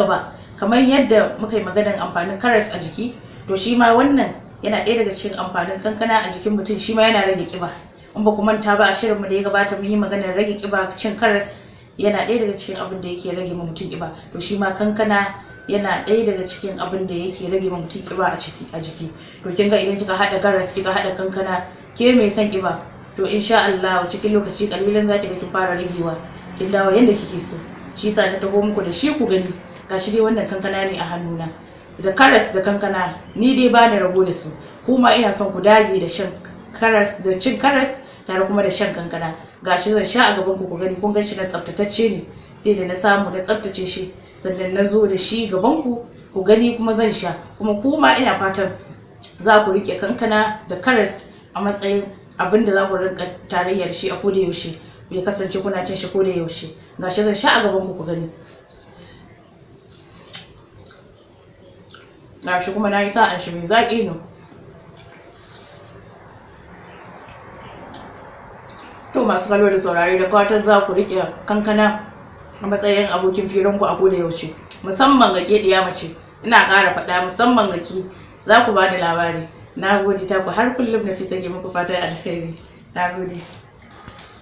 gaba kamar yadda muka yi maganar amfanin karas a jiki to shi ma wannan yana ɗaya daga cikin amfanin kankana a jikin mutum shi ma yana rage kiba in ba ku manta ba a shirinmu da ya gabata mun yi maganar rage kiba cin karas yana ɗaya daga cikin abin da yake rage ma mutum kiba to shi ma kankana yana ɗaya daga cikin abin da yake rage ma mutum kiba a jiki to kin ga idan kika haɗa karas kika haɗa kankana ke mai son kiba to insha Allah cikin lokaci kalilan zaki ga kin fara ragewa kin dawo yanda kike so shi yasa na taho muku da shi ku gani gashi dai wannan kankana ne a hannuna da karas da kankana ni dai ba da rabo da su kuma ina son ku dage da shan karas da cin karas tare kuma da shan kankana gashi zan sha a gaban ku ku gani kun gan shi na tsaftatacce ne sai da na samu na tsaftace shi sannan na zo da shi gaban ku ku gani kuma zan sha kuma kuma ina fatan za ku rike kankana da karas a matsayin abin da za ku rinka tarayyar shi a kodayaushe ya kasance kuna cin shi kodayaushe gashi zan sha a gaban ku ku gani na kuma na yi sa'an shi mai zaƙi ne to masu kallo da saurari da kawatar za ku riƙe kankana a matsayin abokin firanku a koda yaushe musamman ga keɗiya mace ina ƙara faɗa musamman ga ki za ku ba da labari na gode ta ku har kullum na fi sake muku fatan alheri na gode